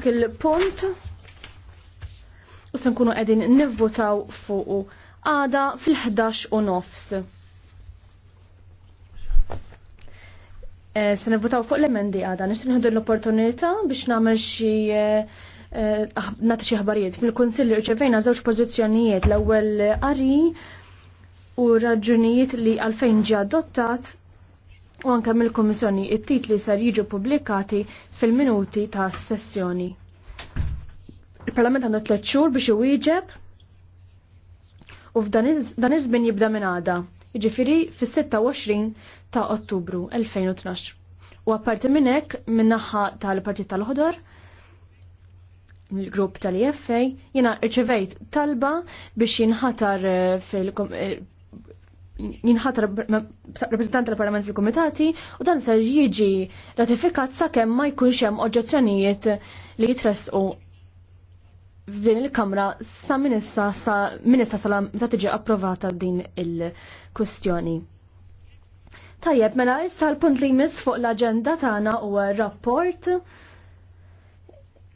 il-punt u se nkunu qegħdin nivvotaw fuqu għada fil-11 u nofs. Eh, se nivvotaw fuq l-emendi għada, nixtieq nħodu l-opportunità biex nagħmel xi eh, ah, nagħti xi ħbarijiet. Fil-Kunsill uċevejna żewġ pożizzjonijiet l-ewwel qari u raġunijiet li għalfejn ġi adottat u anke mill-Kummissjoni it-titli ser jiġu publikati fil-minuti ta' sessjoni. Il-Parlament għandu tliet xhur biex iwieġeb u f'dan iż-żmien jibda minn għada, jiġifieri fis-26 ta' Ottubru 2012. U apparti minn hekk min-naħa tal-Partit tal-Ħodor, il-grupp tal-EFA, jiena rċevejt talba biex jinħatar eh, fil eh, jinħat rappresentanti tal-Parlament fil-Komitati u dan se jiġi ratifikat sakemm ma jkunx hemm oġġezzjonijiet li jitressqu f'din il-Kamra sa minissa issa sa minissa sa meta tiġi approvata din il-kwestjoni. Tajjeb, mela issa l-punt li jmiss fuq l-aġenda tagħna huwa rapport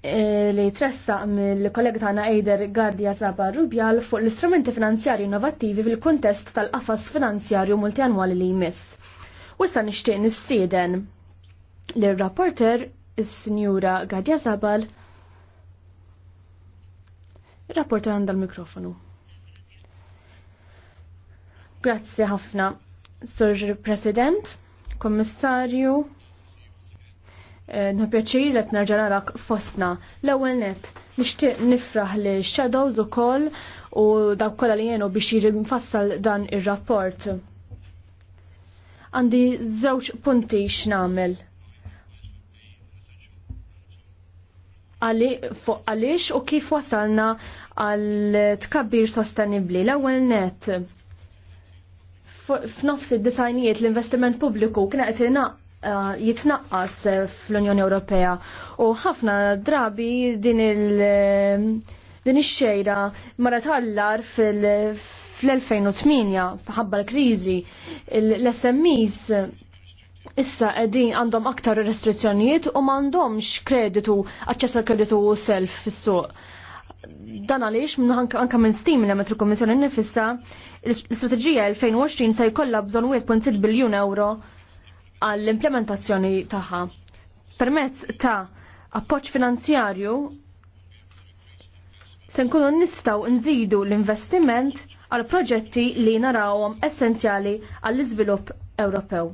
Eh, li tressa mill-kollega tagħna Eider Gardia Zabar Rubjal fuq l-istrumenti finanzjarji innovattivi fil-kuntest tal-qafas finanzjarju multianwali li jmiss. U sta nixtieq nistieden l-rapporter is-Sinjura Gardia Zabal Rapporter għandha l-mikrofonu. Grazzi ħafna, Sir President, Kommissarju, Eh, nħu li t-nerġa fostna. L-ewel net, nishtiq nifraħ li shadows u koll u daw kolla li jenu biex jirinfassal dan il-rapport. Għandi zewċ punti x'namel. Għalix u kif wasalna għal tkabbir sostenibli. L-ewel net, f'nofs id-disajnijiet l-investiment pubbliku kien qed Eh, jitnaqqas fl-Unjoni Ewropea u ħafna drabi din il- eh, din ix-xejra marat fil- fl-2008 f'ħabba l-kriżi l-SMEs issa qegħdin għandhom aktar restrizzjonijiet u m'għandhomx kreditu aċċess għal kreditu self fis-suq. Dan għaliex anke minn stim li għamet il-Kommissjoni nifissa l-istrateġija 2020 se jkollha bżonn 1.6 biljun euro għall-implementazzjoni tagħha permezz ta' appoġġ finanzjarju se nkunu nistgħu nżidu l-investiment għal proġetti li narawhom essenzjali għall-iżvilupp Ewropew.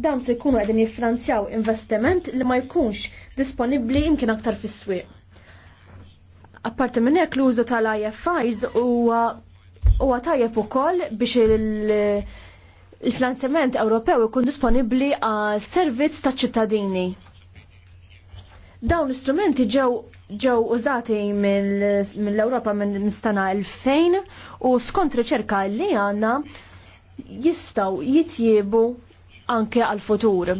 Dawn se jkunu qegħdin jiffinanzjaw investiment li ma jkunx disponibbli imkien aktar fis-swieq. Apparti minn hekk l-użu tal-IFIs huwa huwa tajjeb ukoll biex il- il-finanzjament Ewropew ikun disponibbli għal servizz ta' ċittadini. Dawn l-istrumenti ġew ġew użati mill-Ewropa minn sena 2000 u skont riċerka li għandna jistaw jitjiebu anke għal-futur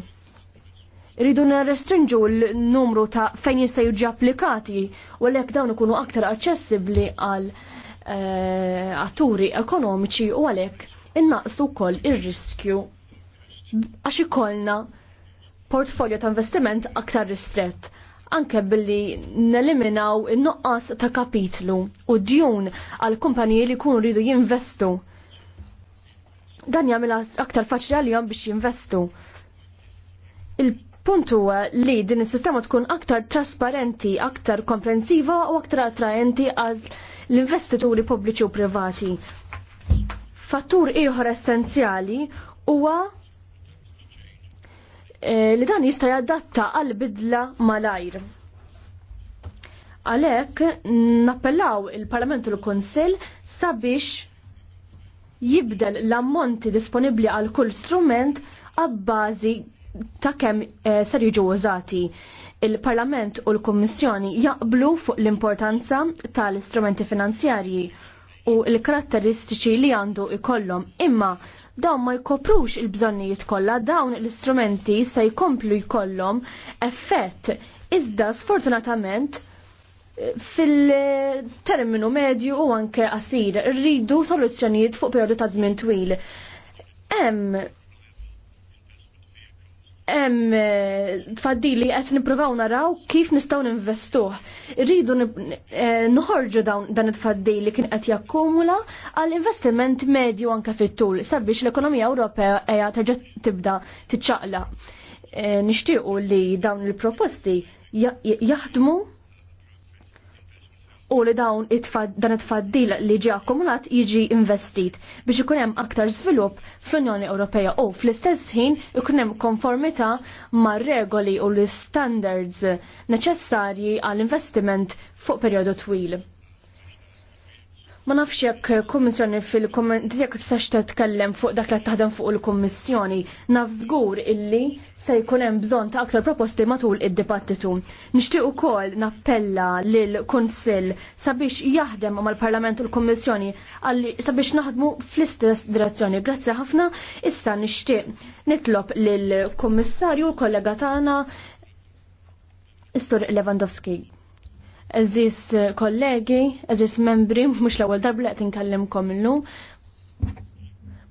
Ridu nirrestrinġu l-numru ta' fejn jista' jiġi applikati u l dawn ikunu aktar aċċessibbli għal eh, atturi ekonomiċi u għalhekk innaqsu wkoll ir-riskju għax ikollna portfolio ta' investiment aktar ristrett anke billi neliminaw in-nuqqas ta' kapitlu u djun għal kumpaniji li jkunu rridu jinvestu. Dan jagħmilha aktar faċli għalihom biex jinvestu. Il-punt huwa li din is-sistema tkun aktar trasparenti, aktar komprensiva u aktar attraenti għal l-investituri pubbliċi u privati. Fattur ieħor essenzjali huwa eh, li dan jista' jadatta għal bidla malajr. Għalhekk nappellaw il-Parlament u l-Kunsill sabiex jibdel l-ammonti disponibbli għal kull strument għabbażi ta' kemm eh, ser jiġu użati. Il-Parlament u l-Kummissjoni jaqblu fuq l-importanza tal-istrumenti finanzjarji u l-karatteristiċi li għandu ikollhom imma dawn ma jkoprux il-bżonnijiet kollha dawn l-istrumenti se jkomplu jkollhom effett iżda sfortunatament fil-terminu medju u anke qasir rridu soluzzjonijiet fuq perjodu ta' żmien twil. Hemm Em eh, tfaddili qed nippruvaw naraw kif nistgħu ninvestuh. Irridu noħorġu eh, dan it-tfaddili kien qed jakkumula għal investiment medju anke fit-tul sabiex l-ekonomija Ewropea qiegħda terġa' tibda tiċċaqla. Eh, nixtiequ li dawn il-proposti jaħdmu u li dawn dan it-tfaddil li ġi akkumulat jiġi investit biex ikun hemm aktar żvilupp fl-Unjoni Ewropea u fl-istess ħin ikun hemm konformità mar-regoli u l-standards neċessarji għall-investiment fuq perjodu twil. Ma nafx jekk kummissjoni fil-komment, jekk tistax titkellem fuq dak li taħdem fuq il-kummissjoni, naf żgur illi se jkun hemm bżonn ta' aktar proposti matul id-dibattitu. Nixtieq ukoll nappella lil kunsill sabiex jaħdem mal-Parlament u l-Kummissjoni għalli sabiex naħdmu fl-istess direzzjoni. Grazzi ħafna, issa nixtieq nitlob lil kummissarju kollega tagħna Istor Lewandowski eżis kollegi, eżis membri, mux l-ewel darba li inkallimkom illum,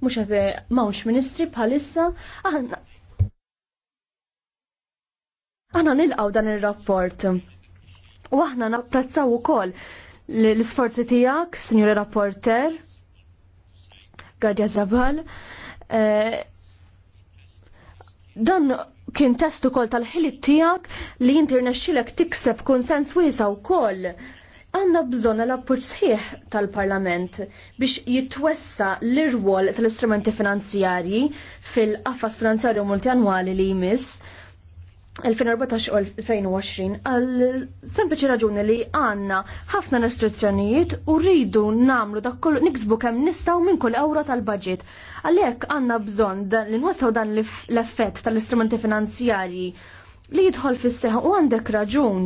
mux għaze mawx ministri bħalissa, aħna. Aħna nilqaw dan il-rapport. U aħna napprezzaw ukoll l-isforzi tiegħek, Sinjura Rapporter, Gardja Zabal, eh, dan kien testu kol tal-ħilit tijak li jinternexxilek tikseb konsens wiesa u kol. Għanna bżon l sħiħ tal-Parlament biex jitwessa l-irwol tal-istrumenti finanzjarji fil-qafas finanzjarju multianwali li jmiss 2014-2020 għal sempliċi raġuni li għanna ħafna restrizzjonijiet u rridu namlu dak kollu niksbu kemm nistaw minn kull ewra tal-budget. Għalhekk għandna bżonn li nwassaw dan l-effett tal-istrumenti finanzjarji li jidħol fis-seħħa u għandek raġun.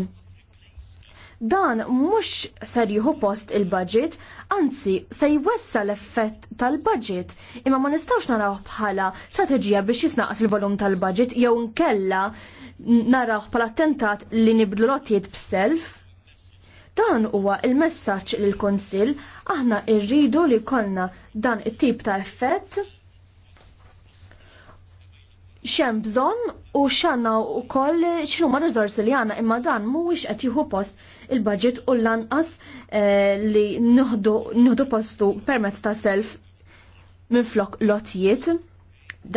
Dan mhux ser jieħu post il-budget, anzi se jwessa l-effett tal-budget, imma ma nistgħux naraw bħala strateġija biex jisnaqas il-volum tal-budget jew nkella naraw bħala attentat li nibdlu l-ottijiet b'self. Dan huwa il-messaġġ l konsil aħna rridu li kollna dan it-tip ta' effett xem bżon u xanna u koll xinu ma rizorsi li għana imma dan mhuwiex qed jieħu post il-budget u l lanqas eh, li nħdu postu permezz ta' self minn flok lotijiet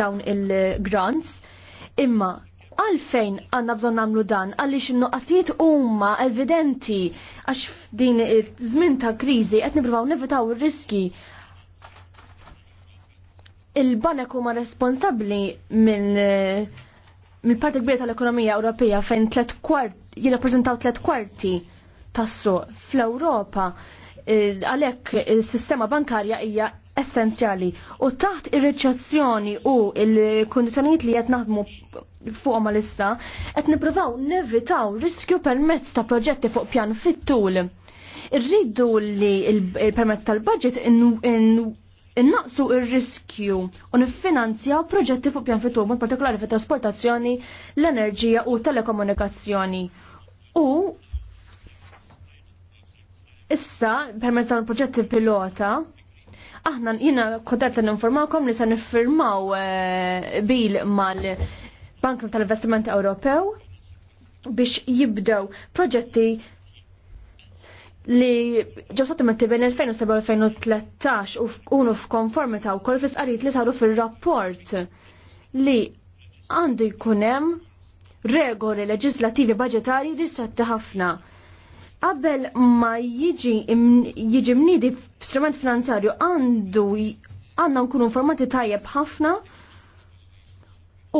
dawn il-grants imma Għalfejn għanna bżon namlu dan, għalix nuqqasijiet umma evidenti għax f'din iż-żmien ta' kriżi qed nippruvaw nevitaw ir-riski il-banek huma responsabbli minn mill-parti kbira tal-ekonomija Ewropea fejn tlet kwart jirrappreżentaw tlet kwarti tas-suq fl-Ewropa għalhekk il-sistema bankarja hija essenzjali u taħt ir reċessjoni u l-kundizzjonijiet li qed naħdmu fuq ma qed nippruvaw nevitaw riskju permezz ta' proġetti fuq pjan fit-tul. Irridu li il-permezz tal-budget innaqsu ir-riskju u niffinanzjaw proġetti fuq pjan fit-tul, mod partikolari fit trasportazzjoni, l-enerġija u telekomunikazzjoni. U Issa, permezz dawn il-proġetti pilota, aħna jina kodet n informawkom li se niffirmaw eh, bil mal-Bank tal-Investiment Ewropew biex jibdew proġetti li ġew sottomenti bejn 2007-2013 u unu f'konformità wkoll fis-qarijiet li saru fir-rapport li għandu jkun hemm regoli leġislativi budgetari li stretti ħafna qabel ma jiġi jiġi mnidi f'strument finanzarju għandu għandna nkunu informati tajjeb ħafna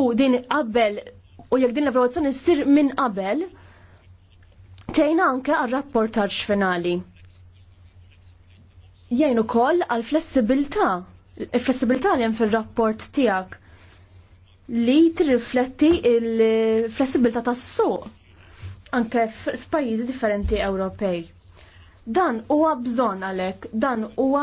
u din qabel u jekk din l-evaluazzjoni ssir minn qabel tejna anke għar-rapportaġġ finali. Jgħin ukoll għal flessibilità, il-flessibilità li hemm fil-rapport tiegħek li tirrifletti il-flessibilità tas-suq anke f'pajjiżi differenti Ewropej. Dan huwa bżonn għalhekk, dan huwa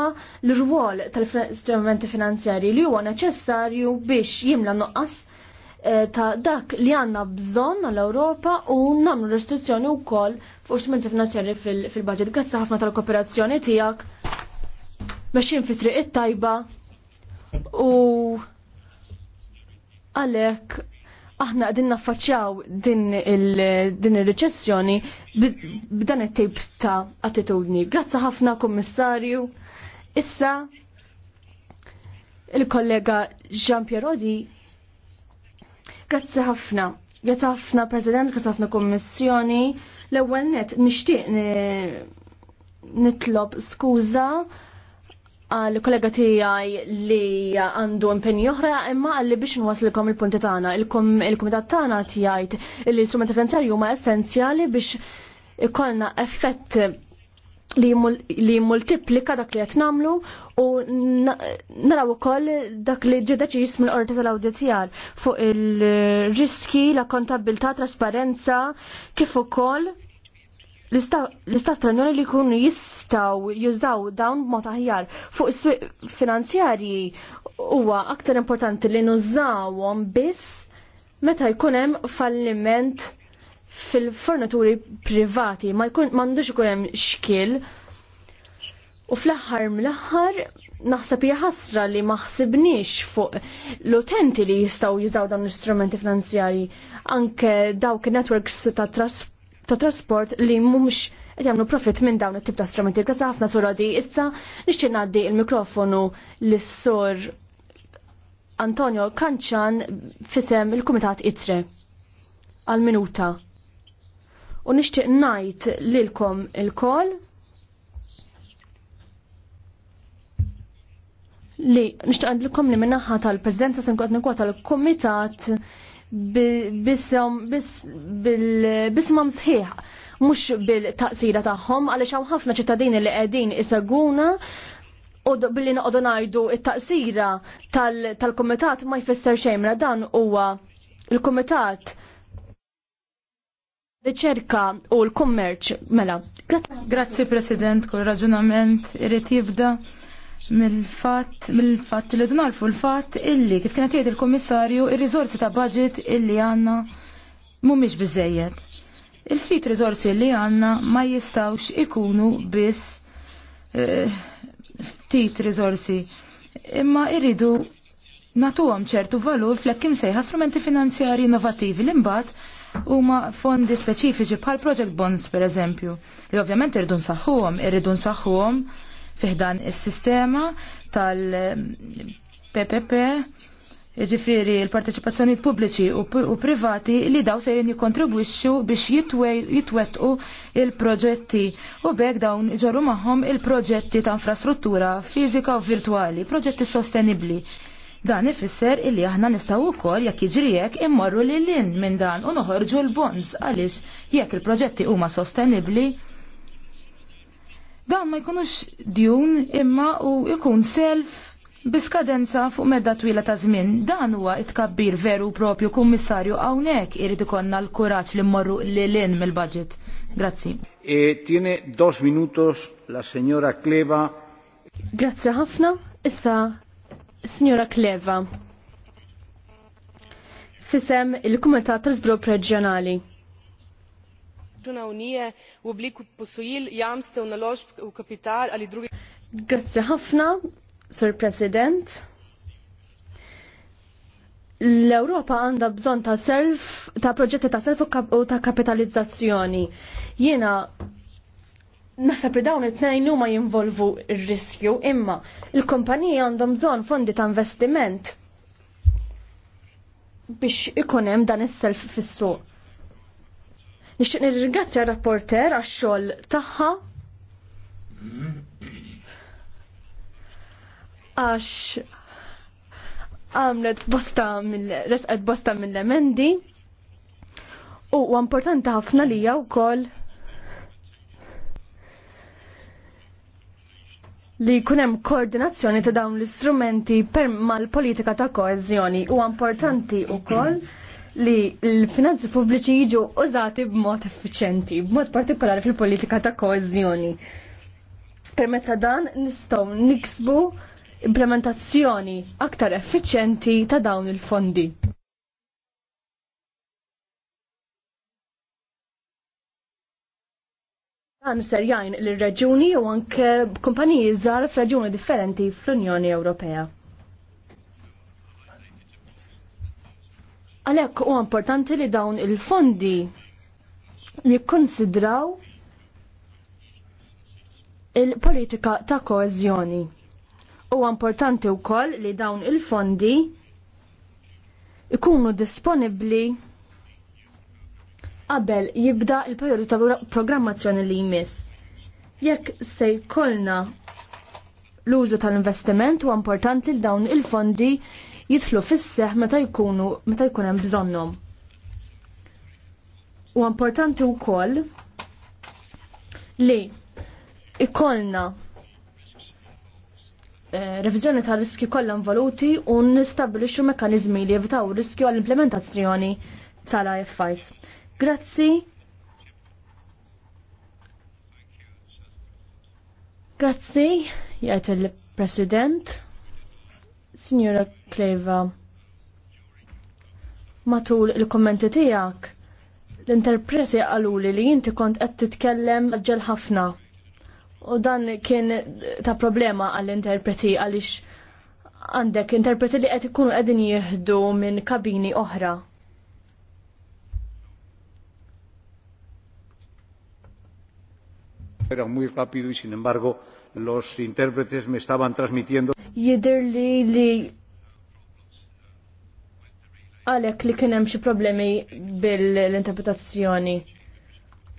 l-rwol tal-istrumenti finanzjarji li huwa neċessarju biex jimla nuqqas eh, ta' dak li għanna bżonn għall-Ewropa u namlu restrizzjoni wkoll fuq istrumenti finanzjarji fil-budget. Grazzi ħafna tal-kooperazzjoni tiegħek. Mexin fi triq it-tajba u għalek aħna għadin naffaċċjaw din il-reċessjoni b'dan it-tip ta' attitudni. Grazzi ħafna, Kummissarju. Issa, il-kollega Jean Pierodi. Grazzi ħafna. Grazzi ħafna, President, grazzi ħafna Kommissjoni. L-ewwel net nixtieq nitlob skuża għal kollega tijaj li għandu impenni oħra imma għalli biex nwaslilkom il-punti tagħna. Il-kumitat tagħna tijajt l istrumenti finanzjarju huma essenzjali biex ikollna effett li multiplika dak li qed nagħmlu u naraw ukoll dak li ġie deċiż mill-qorti tal-awdizjar fuq il-riski, la kontabilità, trasparenza, kif ukoll l-istat tranjoni li kun jistaw jużaw dawn mod aħjar fuq is-suq finanzjarji huwa aktar importanti li nużawhom biss meta jkun hemm falliment fil-fornituri privati ma jkun m'għandux ikun hemm xkil u fl-aħħar mill-aħħar naħseb hija ħasra li ma ħsibniex fuq l-utenti li jistgħu jużaw dawn l-istrumenti finanzjarji anke dawk networks ta' trasport ta' trasport li mhumiex qed jagħmlu profit minn dawn it-tip ta' strumenti. Grazzi ħafna sura issa nixtieq ngħaddi il-mikrofonu lis-sur Antonio Kanċan fisem il-Kumitat Itre għal minuta. U nixtieq ngħid lilkom il-kol li nixtieq ngħidilkom li minnaħħa tal-Presidenza se nkun nikwota l-Kumitat bismam sħiħ mux bil-taqsira taħħom għaliex hawn ħafna ċittadini li qegħdin iseguna u billi noqogħdu ngħidu it-taqsira tal-kumitat ma jfisser xejn mela dan huwa il-kumitat riċerka u l-kummerċ mela. Grazzi President, kull raġunament irrid jibda mill-fatt mill-fatt li dunarfu l-fatt illi kif kienet jgħid il-Kummissarju il-rizorsi ta' budget illi għandna mhumiex biżejjed. Il-ftit rizorsi li għandna ma jistawx ikunu biss eh, ftit rizorsi imma irridu għam ċertu valur fl-ekkim sejħa strumenti finanzjari innovativi l-imbat huma fondi speċifiċi bħal project bonds per eżempju li ovvjament irridu nsaħħuhom, irridu nsaħħuhom fiħdan is-sistema tal-PPP ġifiri l-parteċipazzjoni pubbliċi u privati li daw sejrin jikontribwixxu biex jitwettqu il-proġetti u bek dawn iġorru magħhom il-proġetti ta' infrastruttura fiżika u virtuali, proġetti sostenibli. Dan ifisser illi aħna nistgħu wkoll jekk jiġri hekk immorru lil lin minn dan u noħorġu l-bonds għaliex jekk il-proġetti huma sostenibbli Dan ma jkunux djun imma u jkun self Biskadenza fuq medda twila ta' żmien, dan huwa itkabbir veru propju kummissarju hawnhekk irid ikonna l-kuraġġ li mmorru lilin mill-budget. Grazzi. E, tiene dos minutos la signora Kleva. Grazzi ħafna. Issa signora Kleva. Fisem il-Kumitat tal-Żvilupp Reġjonali proračuna Unije kapital Grazie ħafna, Sur President. L-Europa għandha bżonn ta' self, ta' proġetti ta' self u ta' kapitalizzazzjoni. Jiena Nasab li dawn it-tnejn huma jinvolvu r-riskju imma il-kumpaniji għandhom bżonn fondi ta' investiment biex ikun hemm dan is-self fis-suq. Nixtieq nirringrazzja rapporter għax-xogħol tagħha għax għamlet bosta mill-resqet bosta mill-emendi u importanti ħafna li jaw kol li kunem koordinazzjoni ta' dawn l-istrumenti per mal-politika ta' koezjoni u importanti u kol li l-finanzi pubbliċi jiġu użati b'mod effiċenti, b'mod partikolari fil-politika ta' koezjoni. Permezz ta' dan nistgħu niksbu implementazzjoni aktar effiċenti ta' dawn il-fondi. Dan ser jgħin l-reġuni u anke kumpaniji żgħar f'reġuni differenti fl-Unjoni Ewropea. Għalhekk huwa importanti li dawn il-fondi jikkonsidraw il-politika ta' koezjoni. Huwa importanti wkoll li dawn il-fondi ikunu disponibbli qabel jibda il-perjodu ta' programmazzjoni li jmiss. Jekk se jkollna l-użu tal-investiment huwa importanti li dawn il-fondi jidħlu fis-seħ meta jkunu meta jkun hemm bżonnhom. U importanti wkoll li ikollna eh, revizjoni ta' riski kollha involuti u nistabilixxu mekkaniżmi li jevitaw riskju għall implementazzjoni tal-IFIs. Grazzi. Grazzi, jgħid il-President. Signora Kleva, matul il-kommenti tijak, l-interpreti għaluli li jinti kont qed titkellem ġel ħafna. U dan kien ta' problema għall-interpreti għalix għandek interpreti li qed ikunu qegħdin jieħdu minn kabini oħra. Era muy rápido y sin embargo los intérpretes me estaban transmitiendo jidr li li għalek li kienem xie problemi bil-interpretazzjoni.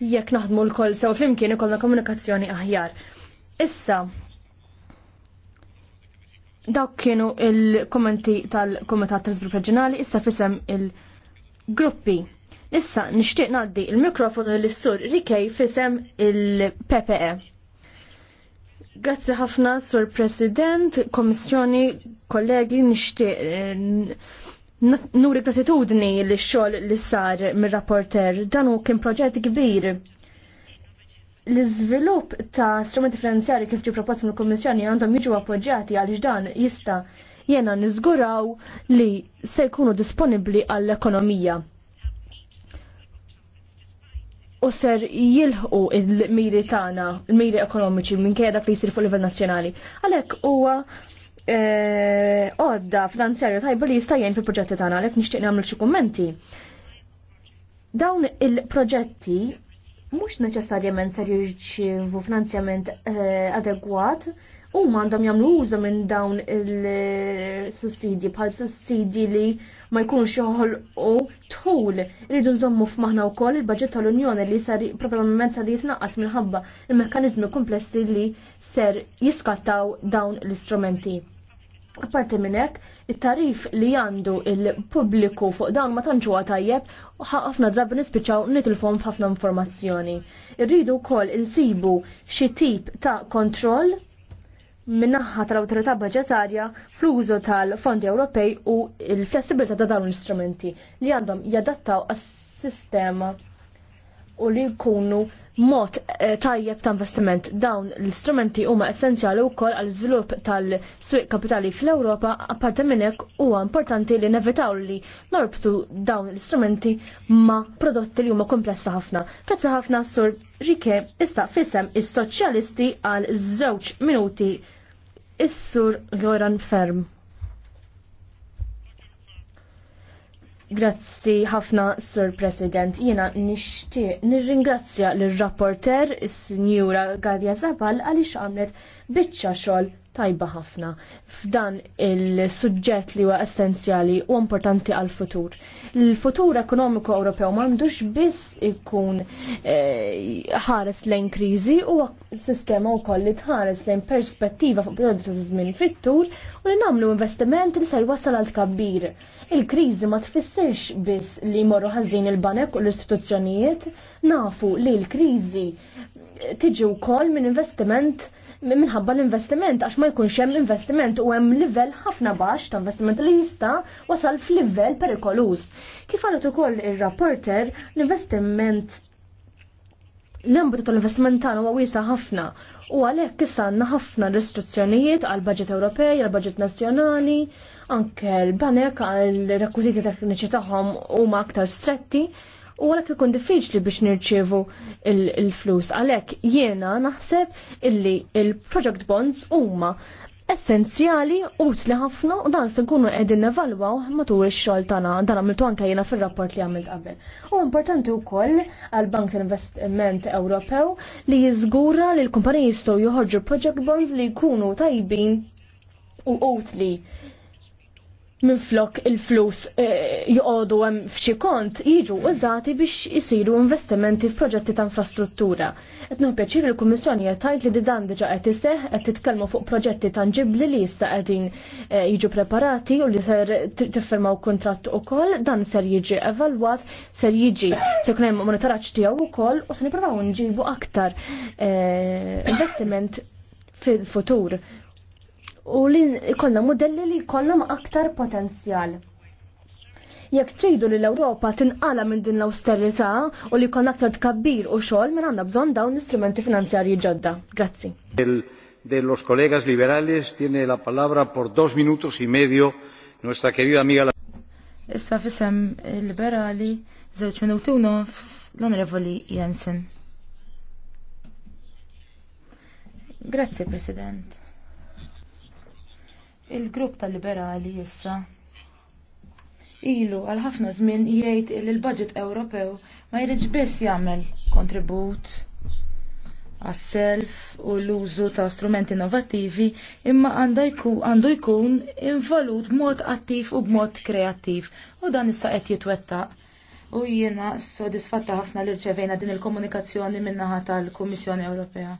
Jekk naħdmu l-koll sew flimkien ikollna komunikazzjoni aħjar. Issa, dawk kienu il-kommenti tal-Komitat tal-Żvilupp Reġjonali, issa fisem il-gruppi. Issa nixtieq ngħaddi il-mikrofonu l-sur Rikej fisem il-PPE. Grazzi ħafna, Sur President, Komissjoni, kollegi, nixtieq eh, nuri gratitudni li xogħol li sar mir-rapporter. Dan hu kien proġett kbir. L-iżvilupp ta' strumenti finanzjari kif ġi proposti mill-Kummissjoni għandhom jiġu appoġġjati għaliex dan jista' jena niżguraw li se jkunu disponibbli għall-ekonomija u ser jilħu il-miri tagħna, il-miri ekonomiċi minn dak li jsir fuq livell nazzjonali. Għalhekk huwa eh, għodda finanzjarju tajba li jista' fil-proġetti tagħna għalhekk nixtieq nagħmel xi kummenti. Dawn il-proġetti mhux neċessarjament ser jirċievu finanzjament eh, adegwat, huma għandhom jagħmlu użu minn dawn il-sussidji bħal sussidji li ma jkunx joħolqu tħul. Rridu nżommu f'maħna wkoll il budget tal-Unjoni li sar probabbilment sar jitnaqqas minħabba il-mekkaniżmi komplessi li ser jiskattaw dawn l-istrumenti. Apparti minn hekk, it-tarif li għandu il-pubbliku fuq dawn ma tantx huwa tajjeb ħafna drabi nispiċċaw nitilfhom f'ħafna informazzjoni. Irridu wkoll insibu xi tip ta' kontroll minnaħħa tal-autorità budġetarja fl-użu tal-fondi Ewropej u l-flessibilità ta' dawn l-istrumenti li għandhom jadattaw għas-sistema u li jkunu mod eh, tajjeb ta' investiment. Dawn l-istrumenti huma essenzjali wkoll għal iżvilupp tal-swieq kapitali fl-Ewropa, apparti minn hekk huwa importanti li nevitaw li norbtu dawn l-istrumenti ma' prodotti li huma komplessa ħafna. Grazzi ħafna sur Rike issa fisem is-soċjalisti għal żewġ minuti Is-sur Joran Ferm. Grazzi ħafna, Sir President. Jiena nixtieq nirringrazzja lir rapporter is-Sinjura Gadia Zabal għaliex għamlet biċċa xogħol tajba ħafna f'dan il-suġġett li huwa essenzjali u importanti għal futur. Il-futur ekonomiku Ewropew m'għandux biss ikun eh, ħares lejn kriżi u sistema wkoll li tħares lejn perspettiva fuq ta' żmien fit tur u li nagħmlu investiment li se jwassal għal tkabbir. Il-kriżi ma tfissirx biss li jmorru ħażin il-banek u l-istituzzjonijiet nafu li l-kriżi tiġi wkoll minn investiment minħabba l-investiment għax ma jkunx hemm investiment u hemm livell ħafna baxx ta' investiment li jista' wasal f'livell perikolus. Kif għalet ukoll ir-rapporter l-investiment l-ambitu tal-investiment tagħna huwa wiesa' ħafna u għalhekk issa għandna ħafna restrizzjonijiet għall budget Ewropej, għall budget nazzjonali, anke l-banek għal rekwiżiti tekniċi tagħhom huma aktar stretti u għalhekk ikun diffiċli biex nirċievu il-flus. Għalhekk jiena naħseb illi il-project bonds huma essenzjali utli ħafna u dan se nkunu qegħdin nevalwaw matul ix-xogħol tagħna dan għamiltu anke jiena fir-rapport li għamilt qabel. U importanti wkoll għal Bank Investiment Ewropew li jiżgura li l-kumpaniji jistgħu joħorġu project bonds li jkunu tajbin u utli minflok il-flus eh, joqogħdu hemm f'xi kont jiġu użati biex isiru investimenti f'proġetti ta' infrastruttura. Qed nipjaċir il-Kummissjoni qed tgħid li didan diġà qed iseħħ qed titkellmu fuq proġetti tanġibbli li jista' qegħdin eh, jiġu preparati u li ser tiffirmaw kontratt ukoll dan ser jiġi evalwat, ser jiġi se jkun hemm monitoraġġ tiegħu wkoll u se nippruvaw nġibu aktar eh, investiment fil-futur u li jkollna modelli li jkollhom aktar potenzjal. Jekk tridu li l-Ewropa tinqala minn din l-austerità u li jkollna aktar tkabbir u xogħol minn għandna bżonn dawn l-istrumenti finanzjarji ġodda. Grazzi. De los colegas liberales tiene la palabra por dos minutos y medio nuestra querida amiga la... Issa fisem liberali żewġ minuti u nofs l-Onorevoli Jensen. Grazie, President. Il-grupp tal-liberali issa ilu għal ħafna żmien jgħid li l-budget Ewropew ma jridx biss jagħmel kontribut għas-self u l-użu ta' strumenti innovattivi imma għandu jkun involut b'mod attiv u b'mod kreattiv u dan issa qed jitwettaq. U jiena sodisfatta ħafna li rċevejna din il-komunikazzjoni min-naħa tal-Kummissjoni Ewropea.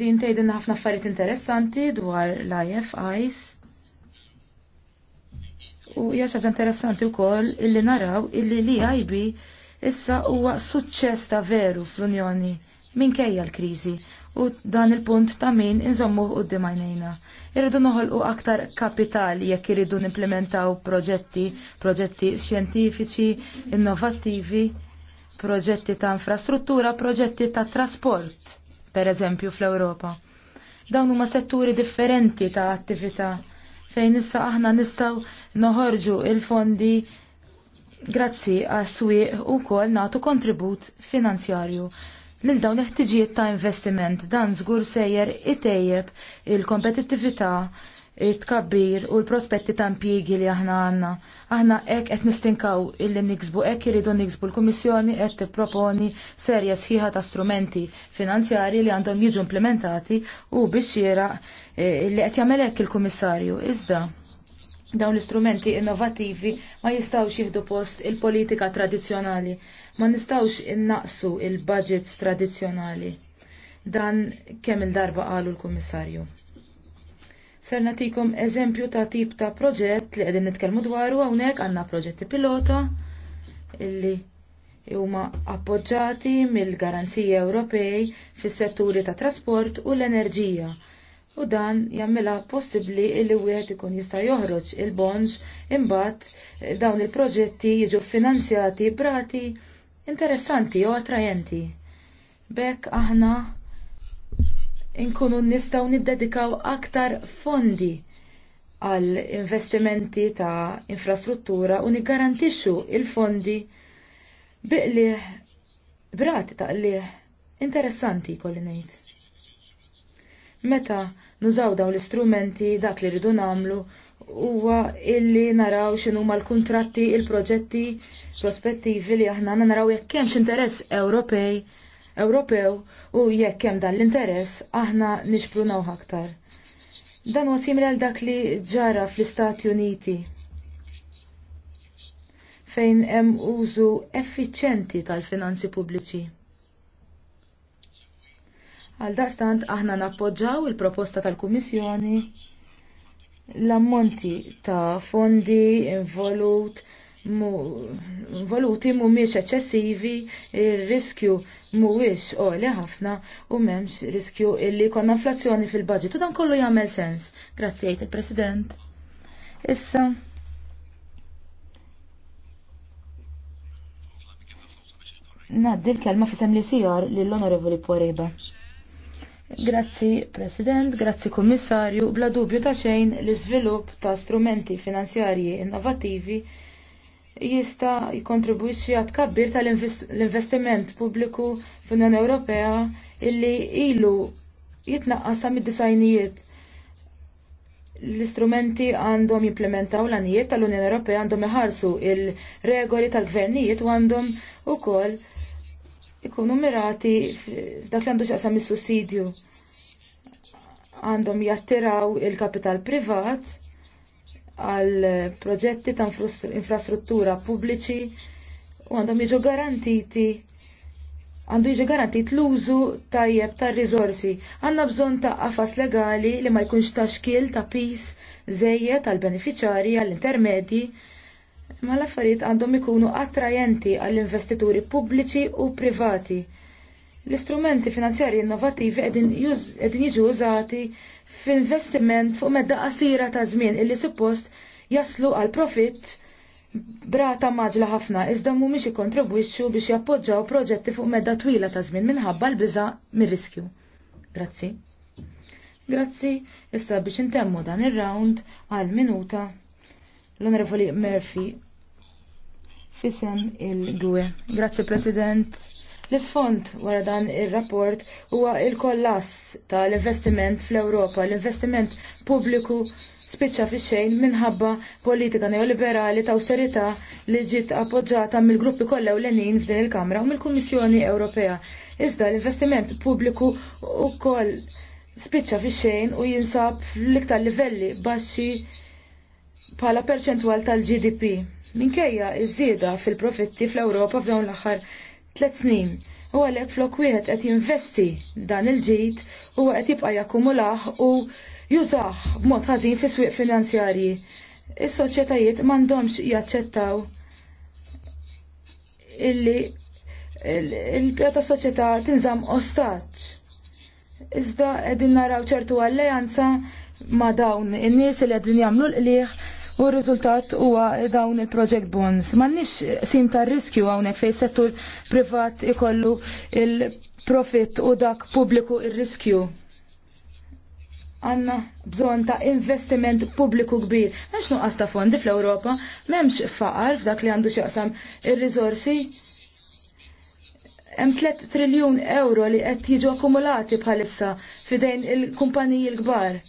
Din tgħidilna ħafna affarijiet interessanti dwar l-IFIs. U hija xaġa interessanti wkoll illi naraw illi li ib issa huwa suċċess ta' veru fl-Unjoni minkejja l-kriżi u dan il-punt ta' min inżommu u d-dimajnejna. Irridu noħolqu aktar kapitali jekk irridu nimplementaw proġetti, proġetti xjentifiċi, innovattivi, proġetti ta' infrastruttura, proġetti ta' trasport per eżempju fl-Ewropa. Dawn huma setturi differenti ta' attività fejn issa aħna nistgħu noħorġu il-fondi grazzi għas swieq u kol natu kontribut finanzjarju. Lil dawn il-ħtiġijiet ta' investiment dan żgur sejjer itejjeb il-kompetittività it-kabbir u l-prospetti ta' impjiegi li aħna għanna. Aħna ek qed nistinkaw illi niksbu ek iridu niksbu l-Kummissjoni qed tipproponi serja sħiħa ta' strumenti finanzjari li għandhom jiġu implementati u biex xiera eh, li qed jagħmel hekk il-Kummissarju. Iżda dawn l-istrumenti innovativi ma jistawx jieħdu post il-politika tradizzjonali, ma nistawx innaqsu il-budgets tradizzjonali. Dan kemm il-darba qalu l-Kummissarju. Ser natikom eżempju ta' tip ta' proġett li qegħdin nitkellmu dwaru hawnhekk għandna proġetti pilota illi huma appoġġati mill-Garanziji Ewropej fis-setturi ta' trasport u l-enerġija. U dan jagħmilha possibbli li wieħed ikun jista' joħroġ il bonġ imbagħad dawn il-proġetti jiġu finanzjati brati interessanti u attrajenti. B'hekk aħna inkunu nistgħu niddedikaw aktar fondi għal investimenti ta' infrastruttura u niggarantixxu il-fondi biqliħ brati ta' liħ interessanti kolli ngħid. Meta nużaw dawn l-istrumenti dak li rridu nagħmlu huwa illi naraw x'inhu mal-kuntratti, il-proġetti, prospettivi li aħna naraw jekk hemmx interess Ewropej Ewropew u jekk hemm dan l-interess aħna nixprunaw naw aktar. Dan huwa simil għal dak li ġara fl-Istati Uniti fejn hemm użu effiċenti tal-finanzi pubbliċi. Għal daqstant aħna nappoġġaw il-proposta tal-Kummissjoni l-ammonti ta' fondi involut voluti mhumiex eċċessivi, ir-riskju mhuwiex qoli ħafna u m'hemmx riskju illi jkollna inflazzjoni fil-budget u dan kollu jagħmel sens. Grazzi jgħid il-President. Issa Naddi l-kelma fisem li sijar lill-Onorevoli Poreba. Grazzi President, grazzi Kommissarju, bla dubju ta' xejn l-iżvilupp ta' strumenti finanzjarji innovativi jista' jikkontribwixxi għat tkabbir tal-investiment pubbliku fl-Unjoni Ewropea illi ilu jitnaqqas sa mid-disajnijiet. L-istrumenti għandhom jimplementaw l-anijiet tal-Unjoni Ewropea għandhom iħarsu il-regoli tal-gvernijiet u għandhom ukoll ikunu mirati f'dak li għandu xaqsam is-sussidju. Għandhom jattiraw il-kapital privat għal proġetti ta' infrastruttura pubbliċi u għandhom jiġu garantiti għandu jiġi garantit l-użu tajjeb tar rizorsi. Għanna bżonn ta' qafas legali li ma jkunx ta' xkil ta' pis żejjed tal beneficjari għall-intermedji ma l-affarijiet għandhom ikunu attrajenti għall-investituri pubbliċi u privati. L-istrumenti finanzjarji innovattivi qegħdin jiġu użati f'investiment fuq medda qasira ta' żmien illi suppost jaslu għal profitt brata maġla ħafna iżda mhumiex ikkontribwixxu biex jappoġġaw proġetti fuq medda twila ta' żmien minħabba l-biża' mir-riskju. Grazzi. Grazzi, issa biex intemmu dan ir-round għal minuta l-Onorevoli Murphy fisem il-Gwe. Grazzi President. L-isfond wara dan ir-rapport huwa il-kollass tal-investiment fl-Ewropa, l-investiment pubbliku spiċċa fix xejn minħabba politika neoliberali ta' austerità li ġiet appoġġata mill-gruppi kollha ewlenin f'din il-Kamra u mill-Kummissjoni Ewropea. Iżda l-investiment pubbliku wkoll spiċċa fix xejn u jinsab fl-iktar livelli baxxi bħala perċentwal tal-GDP. Minkejja iż-żieda fil-profitti fl-Ewropa f'dawn l-aħħar tlet snin u għalhekk flok wieħed qed jinvesti dan il-ġid u qed jibqa' jakkumulaħ u jużah b'mod ħażin fi swieq finanzjarji. Is-soċjetajiet m'għandhomx jaċċettaw illi il-pjata soċjetà tinżam ostaġġ. Iżda qegħdin naraw ċertu alleanza ma' dawn in-nies li qegħdin jagħmlu l-qlieħ U r-riżultat huwa dawn il-project bonds. M'għandniex sim ta' riskju hawnhekk fejn settur privat ikollu il-profit u dak pubbliku ir-riskju. Għanna bżon ta' investiment pubbliku kbir. Memx nuqqas ta' fondi fl-Ewropa, memx faqar f'dak li għandu xaqsam ir-riżorsi hemm 3 triljun euro li qed jiġu akkumulati bħalissa fidejn il-kumpaniji l-kbar.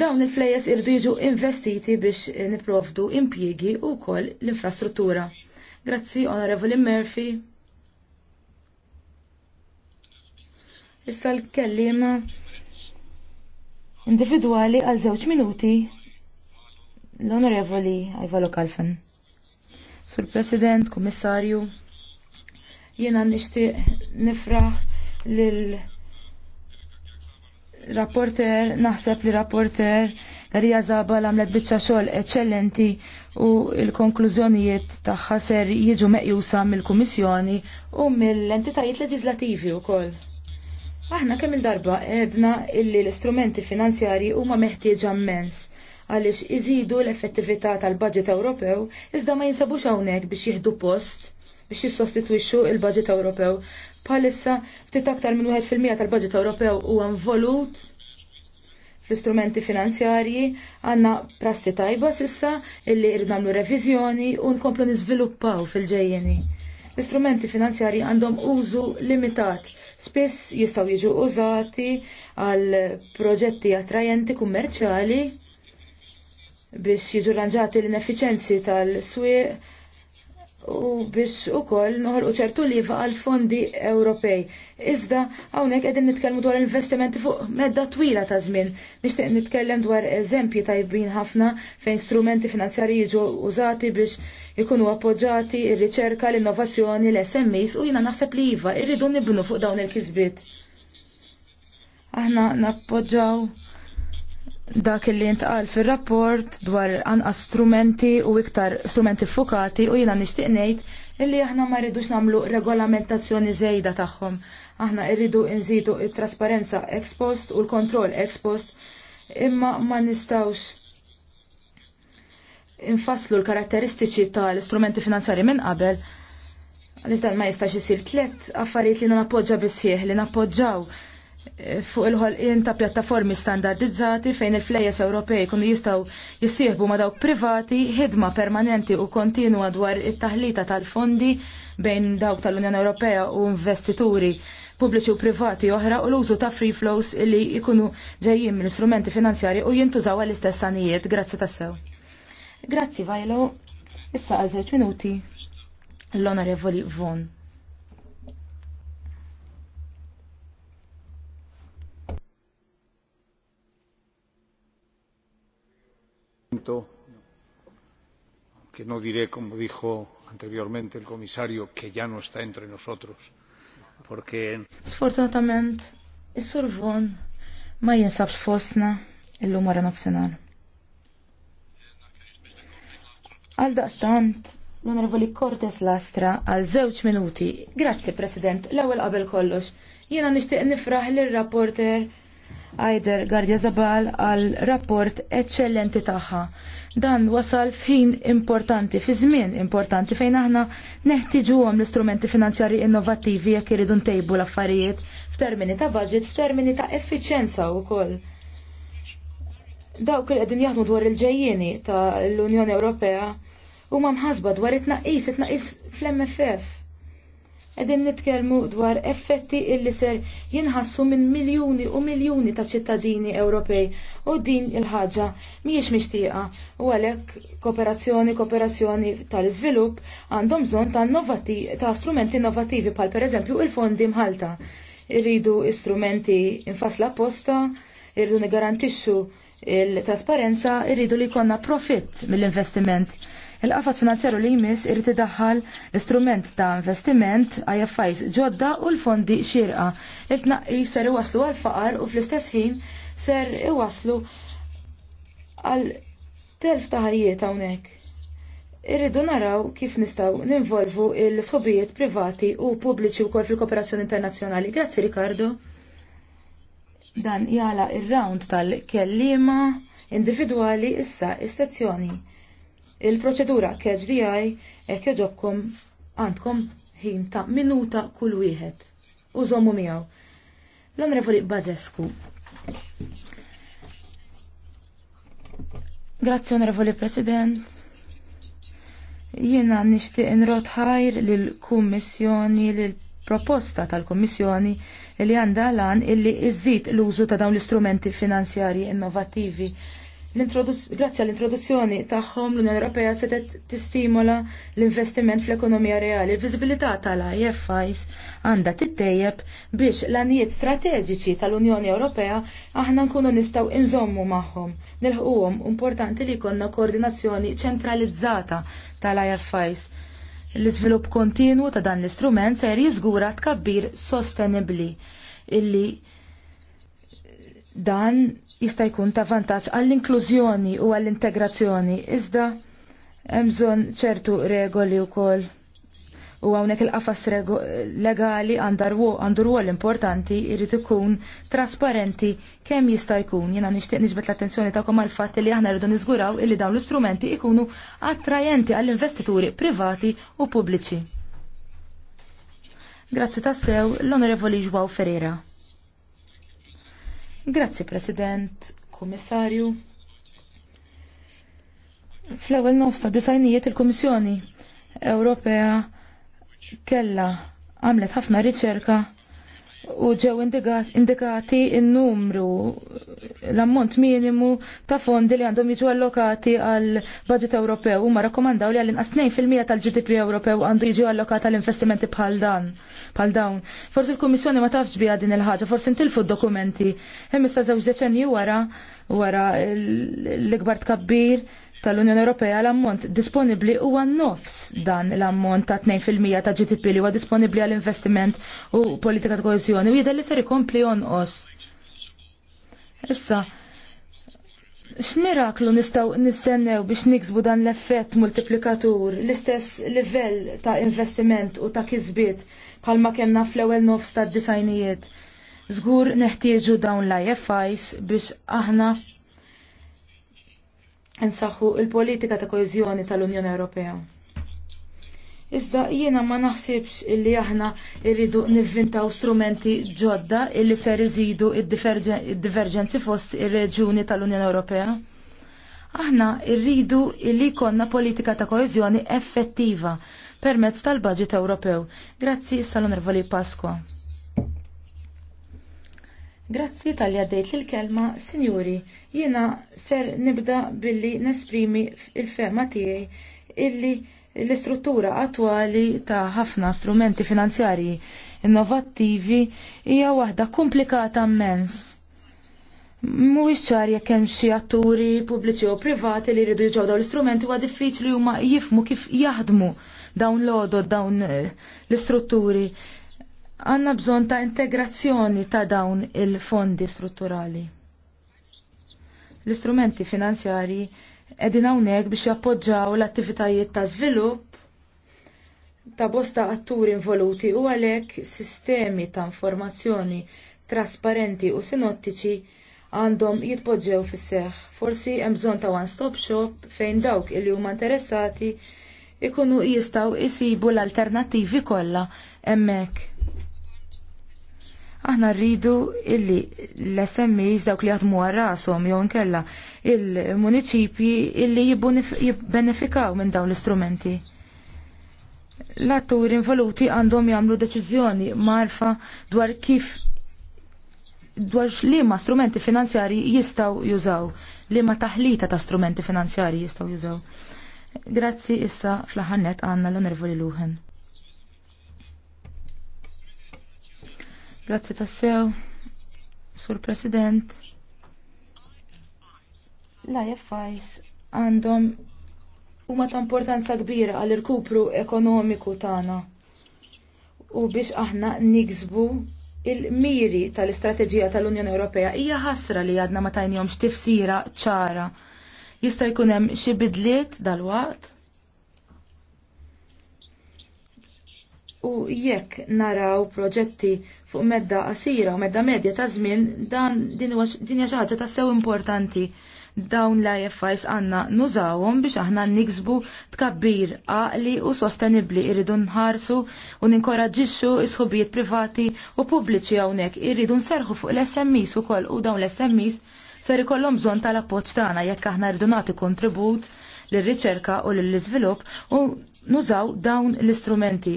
Dawn il flejjes irdu jiġu investiti biex niprovdu impjiegi u kol l-infrastruttura. Grazzi, Onorevoli Murphy. Issa l-kellim individuali għal żewġ minuti l-Onorevoli Ivalo Kalfan. Sur President, Kommissarju, jiena nixtieq nifraħ lil rapporter, naħseb li rapporter Garija Zabal għamlet bieċa xogħol eċċellenti u l-konklużjonijiet tagħha ser jiġu meqjusa mill-Kummissjoni u mill-entitajiet leġislativi wkoll. Aħna kemm il-darba edna illi l-istrumenti finanzjarji huma meħtieġ ammens għaliex iżidu l-effettività tal-budget Ewropew iżda ma jinsabux hawnhekk biex jieħdu post biex jissostitwixxu il-budget Ewropew. Palissa ftit aktar minn wieħed fil-mija tal-budget Ewropew huwa involut fl-istrumenti finanzjarji għandna prassi tajba sissa illi irnamlu reviżjoni u nkomplu niżviluppaw fil-ġejjeni. L-istrumenti finanzjarji għandhom użu limitat, spiss jistgħu jiġu użati għal proġetti attrajenti kummerċjali biex jiġu ranġati l-ineffiċenzi tal-swieq u biex u koll noħolqu ċertu liva għal fondi Ewropej. Iżda hawnhekk qegħdin nitkellmu dwar investimenti fuq medda twila ta' żmien. Nixtieq nitkellem dwar eżempji tajbin ħafna fejn strumenti finanzjarji jiġu użati biex ikunu appoġġati ir-riċerka, l-innovazzjoni, l-SMEs u jina naħseb li iva irridu nibnu fuq dawn il-kisbiet. Aħna nappoġġaw dak li intqal fil-rapport dwar anqas strumenti u iktar strumenti fukati u jina nixtieq ngħid illi aħna ma rridux nagħmlu regolamentazzjoni żejda tagħhom. Aħna rridu nżidu il trasparenza ex post u l-kontroll ex post imma ma nistawx infaslu l-karatteristiċi tal-istrumenti finanzjari minn qabel għalix dan ma jistax isir tlet affarijiet li nappoġġa bisħieħ li nappoġġaw fuq il-ħolqien ta' pjattaformi standardizzati fejn il flejjes Ewropej kunu jistaw jissieħbu ma' dawk privati ħidma permanenti u kontinua dwar it-taħlita tal-fondi bejn dawk tal-Unjoni Ewropea u investituri pubbliċi u privati oħra u l-użu ta' free flows li jkunu ġejjin mill istrumenti finanzjari u jintużaw għall-istess anijiet. Grazzi tassew. Grazzi Vajlo. Issa għal minuti l-Onorevoli Von. momento, que no diré, como dijo anteriormente el comisario, que ya no está entre nosotros, porque... Sfortunatament, is survon ma jinsab fosna el wara nofsinhar. Għal daqstant, l-Onorevoli Cortes Lastra għal żewġ minuti. Grazzi, President, l-ewwel qabel kollox. Jiena nixtieq nifraħ lir-rapporter Aider Gardja Zabal għal rapport eccellenti tagħha. Dan wasal f'ħin importanti, fi żmien importanti fejn aħna neħtiġuhom l-istrumenti finanzjarji innovattivi jekk iridu ntejbu l-affarijiet f'termini ta' budget, f'termini ta' effiċjenza wkoll. Dawk li qegħdin jaħdmu dwar il-ġejjieni tal-Unjoni Ewropea huma mħasba dwar it-tnaqqis, it-tnaqqis fl-MFF Edin nitkelmu dwar effetti illi ser jinħassu minn miljoni u miljoni ta' ċittadini Ewropej u din il-ħaġa miex mixtieqa u għalek kooperazzjoni, kooperazzjoni tal iżvilupp għandhom bżonn ta', novati, ta strumenti innovativi pal per eżempju il-fondi mħalta. Irridu strumenti infasla apposta, irridu nigarantixxu il-trasparenza, irridu li konna profitt mill-investiment Il-qafas finanzjaru li jmiss irrid idaħħal l-istrument ta' investiment IFIs ġodda u l-fondi xirqa. Il-tnaqqis ser iwaslu għal faqar u fl-istess ħin ser iwaslu għal telf ta' ħajjiet hawnhekk. Irridu naraw kif nistgħu ninvolvu l-sħobijiet privati u pubbliċi wkoll fil-kooperazzjoni internazzjonali. Grazzi Ricardo. Dan jala ir-round tal-kellima individwali issa is-sezzjoni il-proċedura KHDI hekk joġobkom għandkom ħin ta' minuta kull wieħed. Użommu miegħu. L-Onorevoli Bazescu. Grazzi Onorevoli President. Jiena nixtieq inrot ħajr lill-Kummissjoni lill-proposta tal-Kummissjoni li għandha lan illi iżid l-użu ta' dawn l-istrumenti finanzjarji innovattivi Grazzi għall-introduzzjoni tagħhom l-Unjoni Ewropea setet tistimola l-investiment fl-ekonomija reali. Il-viżibilità tal-IFIs għandha tittejjeb biex l-anijiet strateġiċi tal-Unjoni Ewropea aħna nkunu nistgħu inżommu magħhom. Nilħquhom importanti li jkollna koordinazzjoni ċentralizzata tal-IFIs. L-iżvilupp kontinwu ta' dan l-istrument se jiżgura tkabbir sostenibbli illi dan jista' jkun ta' vantaġġ għall-inklużjoni u għall-integrazzjoni, iżda hemm bżonn ċertu regoli wkoll. U hawnhekk il-qafas legali għandu rwol importanti jrid ikun trasparenti kemm jista' jkun. Jiena nixtieq niġbed l-attenzjoni tagħkom għal fatt li aħna rridu niżguraw illi dawn l-istrumenti jkunu attrajenti għall-investituri privati u pubbliċi. Grazzi tassew l-Onorevoli Joao Ferreira. Grazzi President, Kummissarju. Fl-ewwel nofs ta' disajnijiet il-Kummissjoni Ewropea kella għamlet ħafna riċerka u ġew indikati n-numru l-ammont minimu ta' fondi li għandhom jiġu allokati għal budget Ewropew u ma rakkomandaw li għall-inqas 2% tal-GDP Ewropew għandu jiġu allokati għal investimenti bħal dan bħal dawn. Forsi l-Kummissjoni ma tafx biha din il-ħaġa, forsi ntilfu d-dokumenti. Hemm issa żewġ deċenji wara wara l-ikbar tkabbir tal-Unjoni Ewropea l-ammont disponibbli huwa nofs dan l-ammont ta' 2% ta' GDP li huwa disponibbli għall investiment u politika ta' koesjoni u jidher li ser ikompli jonqos. Issa, X'miraklu nistgħu nistennew biex niksbu dan l-effett multiplikatur, l-istess livell ta' investiment u ta' kisbiet bħalma kellna fl-ewwel nofs tad-disajnijiet. Żgur neħtieġu dawn l-IFIs biex aħna nsaħħu l politika ta' koeżjoni tal-Unjoni Ewropea. Iżda jiena ma naħsibx illi aħna irridu nivvintaw strumenti ġodda illi ser iżidu id-divergenzi fost ir-reġuni tal-Unjoni Ewropea. Aħna rridu illi konna politika ta' koeżjoni effettiva permezz tal-Baġit Ewropew. Grazzi, Salon Ervoli Pasqua. Grazzi tal-li għaddejt l-kelma, sinjuri, jiena ser nibda billi nesprimi il-fema tiegħi illi l-istruttura attwali ta' ħafna strumenti finanzjarji innovattivi hija waħda komplikata immens. Mhuwiex ċar jekk hemm xi atturi pubbliċi u privati li jridu jiġu dawn l-istrumenti huwa diffiċli huma jifmu kif jaħdmu dawn l-għodod, dawn l-istrutturi għanna bżon ta' integrazzjoni ta' dawn il-fondi strutturali. L-istrumenti finanzjari edin hawnhekk biex jappoġġaw l-attivitajiet ta' żvilupp ta' bosta atturi involuti u għalhekk sistemi ta' informazzjoni trasparenti u sinottiċi għandhom jitpoġġew fis-seħħ. Forsi hemm bżonn ta' one-stop shop fejn dawk illi huma interessati ikunu jistgħu jsibu l-alternattivi kollha hemmhekk. Aħna rridu illi l-SMEs dawk li jaħdmu għarrasom jew nkella il-municipji illi jibbenefikaw minn dawn l-istrumenti. L-atturi involuti għandhom jagħmlu deċiżjoni marfa dwar kif dwar li ma strumenti finanzjari jistaw jużaw, li ma taħlita ta' strumenti finanzjari jistaw jużaw. Grazzi issa fl-ħannet għanna l-onervoli Luħen. Grazzi tassew, Sur President. L-IFIs għandhom huma ta' importanza kbira għall irkupru ekonomiku tagħna u biex aħna niksbu il-miri tal-istrateġija tal-Unjoni Ewropea hija ħasra li għadna ma tajnihomx tifsira ċara. Jista' jkun hemm xi bidliet dalwaqt u jekk naraw proġetti fuq medda qasira u medda medja ta' żmien dan din hija xi ħaġa tassew importanti dawn l-IFIs għandna nużawhom biex aħna niksbu tkabbir għaqli u sostenibbli irridu nħarsu u ninkoraġġixxu is-ħubijiet privati u pubbliċi hawnhekk irridu nserħu fuq l-SMEs ukoll u dawn l-SMEs ser ikollhom bżonn tal-appoġġ tagħna jekk aħna rridu nagħti kontribut lir-riċerka u lill-iżvilupp u nużaw dawn l-istrumenti.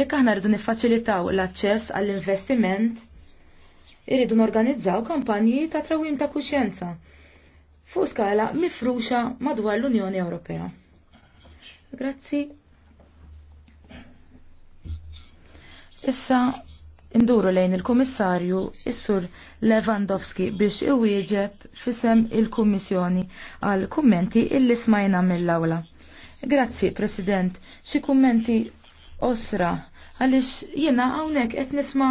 Jekk aħna rridu niffaċilitaw l-aċċess għall-investiment, irridu norganizzaw kampanji ta' trawim ta' kuxjenza fuq skala mifruxa madwar l-Unjoni Ewropea. Grazzi. Issa induru lejn il-Kummissarju is-Sur Lewandowski biex iwieġeb fisem il-Kummissjoni għal kummenti illi smajna mill-awla. Grazzi, President. Xi kummenti osra għaliex jiena hawnhekk qed nisma'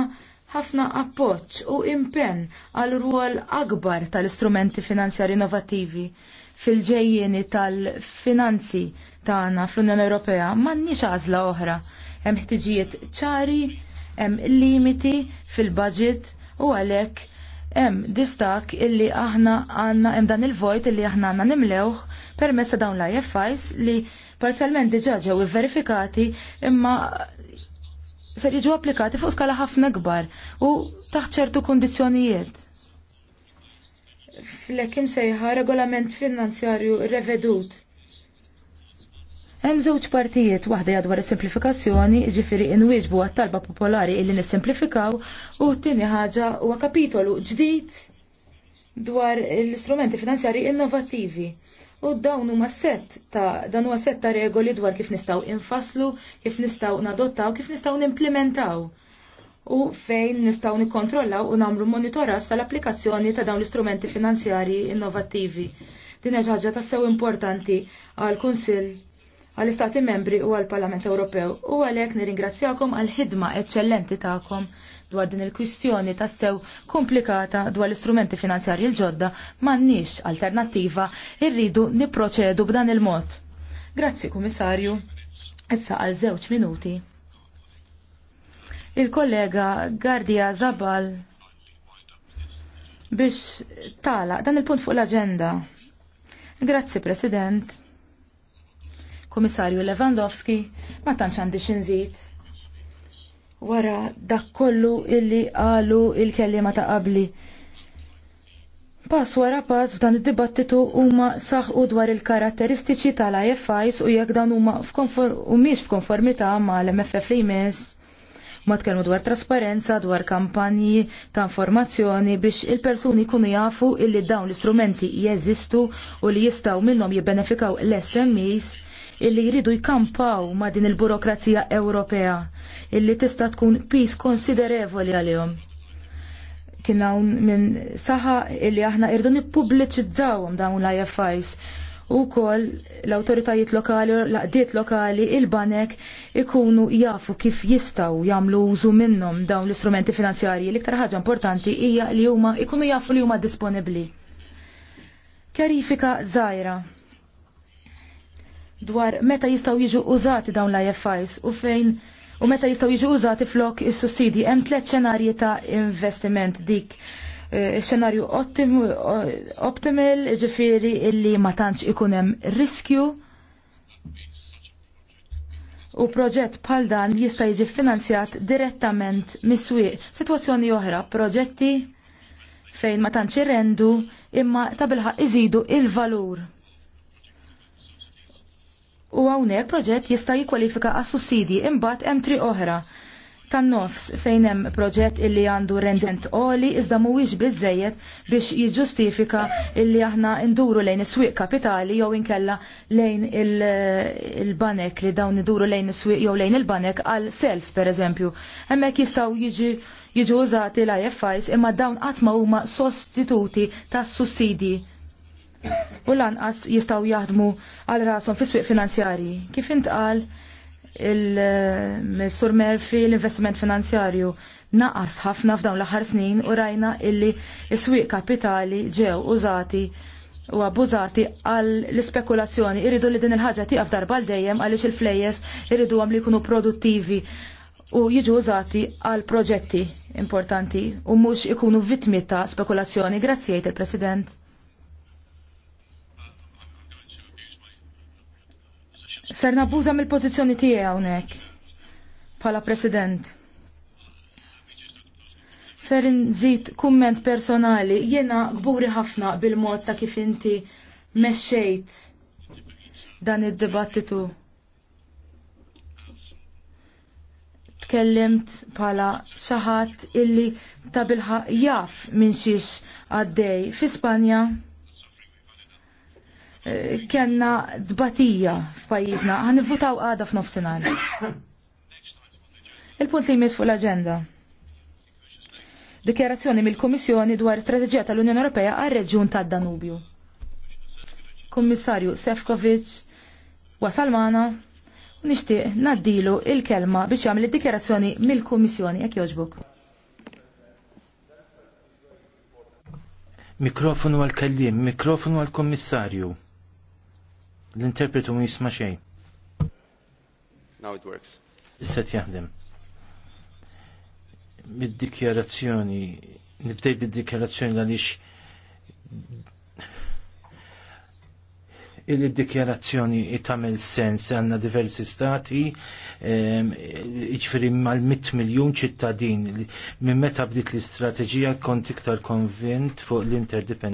ħafna appoġġ u impenn għal rwol akbar tal-istrumenti finanzjari innovativi fil-ġejjeni tal-finanzi tagħna fl-Unjoni Ewropea m'għandniex għażla oħra. Hemm ħtiġijiet ċari, hemm limiti fil-budget u għalhekk hemm distak illi aħna għandna hemm dan il-vojt illi aħna għandna nimlewh permezz dawn l-IFIs li parzjalment diġà ġew verifikati imma ser jiġu applikati fuq skala ħafna kbar u taħt ċertu kundizzjonijiet. Flekim sejħa regolament finanzjarju revedut. Hemm żewġ partijiet waħda jadwar is-simplifikazzjoni, ġifieri inwieġbu għat-talba popolari illi nissimplifikaw u t-tieni ħaġa huwa kapitolu ġdid dwar l-istrumenti finanzjarji innovattivi u dawn huma set ta' dan huwa set ta' regoli dwar kif nistgħu infasslu, kif nistgħu nadottaw, kif nistgħu nimplementaw u fejn nistgħu nikkontrollaw u nagħmlu monitoraġġ tal-applikazzjoni ta' dawn l-istrumenti finanzjarji innovattivi. Din hija ħaġa tassew importanti għall kunsill għall-Istati Membri u għall-Parlament Ewropew u għalhekk nirringrazzjakom għall-ħidma eċċellenti tagħkom dwar din il-kwistjoni ta' sew komplikata dwar l-istrumenti finanzjarji l-ġodda m'għandniex alternattiva irridu nipproċedu b'dan il-mod. Grazzi, Kummissarju. Issa għal żewġ minuti. Il-kollega Gardia Zabal biex tala dan il-punt fuq l-agenda. Grazzi, President. Komissarju Lewandowski, ma tantx għandix inżid wara dak kollu illi qalu il-kellima ta' qabli. Pass wara pass f'dan id-dibattitu huma saħqu dwar il-karatteristiċi tal-IFIs u jekk dan huma mhix f'konformità ma' L mff li jmiss ma tkellmu dwar trasparenza, dwar kampanji ta' informazzjoni biex il-persuni jkunu jafu illi dawn l-istrumenti jeżistu u li jistgħu minnhom jibbenefikaw l-SMEs illi jridu jkampaw ma' din il-burokrazija Ewropea illi tista' tkun pis konsiderevoli għalihom. Kien hawn minn saħa illi aħna irdu nippubbliċizzawhom dawn l-IFIs u kol l-autoritajiet lokali, l-qdiet lokali, il-banek ikunu jafu kif jistaw jagħmlu użu minnhom dawn l-istrumenti finanzjarji. L-iktar ħaġa importanti hija li huma ikunu jafu li huma disponibbli. Karifika żgħira dwar meta jistgħu jiġu użati dawn l-IFIs u fejn u meta jistgħu jiġu użati flok is-sussidi. Hemm tliet xenarji ta' investiment dik eh, xenarju optimal, ġifiri illi ma tantx ikun hemm riskju. U proġett bħal dan jista' jiġi finanzjat direttament mis-swieq. Sitwazzjoni oħra, proġetti fejn ma tantx irrendu imma ta' bilħaq iżidu il-valur u hawnhekk proġett jista' jikkwalifika għas sussidji imbagħad hemm tri oħra tan-nofs fejn hemm proġett illi għandu rendent għoli iżda mhuwiex biżejjed biex jiġġustifika illi aħna nduru lejn is-swieq kapitali jew inkella lejn il-banek li dawn iduru lejn is-swieq jew lejn il-banek għal self pereżempju. Hemmhekk jistgħu jiġi jiġu użati l-IFIs imma dawn qatt ma huma sostituti tas-sussidji u lanqas jistaw jaħdmu għal rasom fis swieq finanzjarji. Kif intqal il-Sur Murphy l-investiment finanzjarju naqas ħafna f'dawn l-aħħar snin u rajna illi s-swieq kapitali ġew użati u abbużati għal l-spekulazzjoni. Irridu li din il-ħaġa tiqaf darba għal dejjem għaliex il-flejjes irridu għam li jkunu produttivi u jiġu użati għal proġetti importanti u mhux ikunu vittmi ta' spekulazzjoni. Grazzi il-President. ser nabuża mill-pożizzjoni tiegħi hawnhekk bħala president. Ser nżid kumment personali, jiena gburi ħafna bil-mod ta' kif inti mexxejt dan id-dibattitu. Tkellimt bħala xi ħadd illi ta' bilħaq jaf minn xiex għaddej fi Spanja kena dbatija f'pajjiżna għan votaw għada f'nofsinhar. Il-punt li jmiss fuq l-agenda. Dikjerazzjoni mill-Kummissjoni dwar strateġija tal-Unjoni Ewropea għar-Reġjun tad-Danubju. Kummissarju Sefkovic wasalmana u nixtieq naddilu il-kelma biex jagħmel id-dikjarazzjoni mill-Kummissjoni jekk jogħġbok. Mikrofonu għal-kellim, mikrofonu għal-Kommissarju. L-interpretu mu jisma xejn. Now it works. Set jaħdem. Bid-dikjarazzjoni, nibdej bid-dikjarazzjoni għaliex il-dikjarazzjoni tamel sens għanna diversi stati ehm, iġfiri mal-100 miljon ċittadin minn meta bdiet l-istrateġija kont iktar konvint fuq l-interdependenza.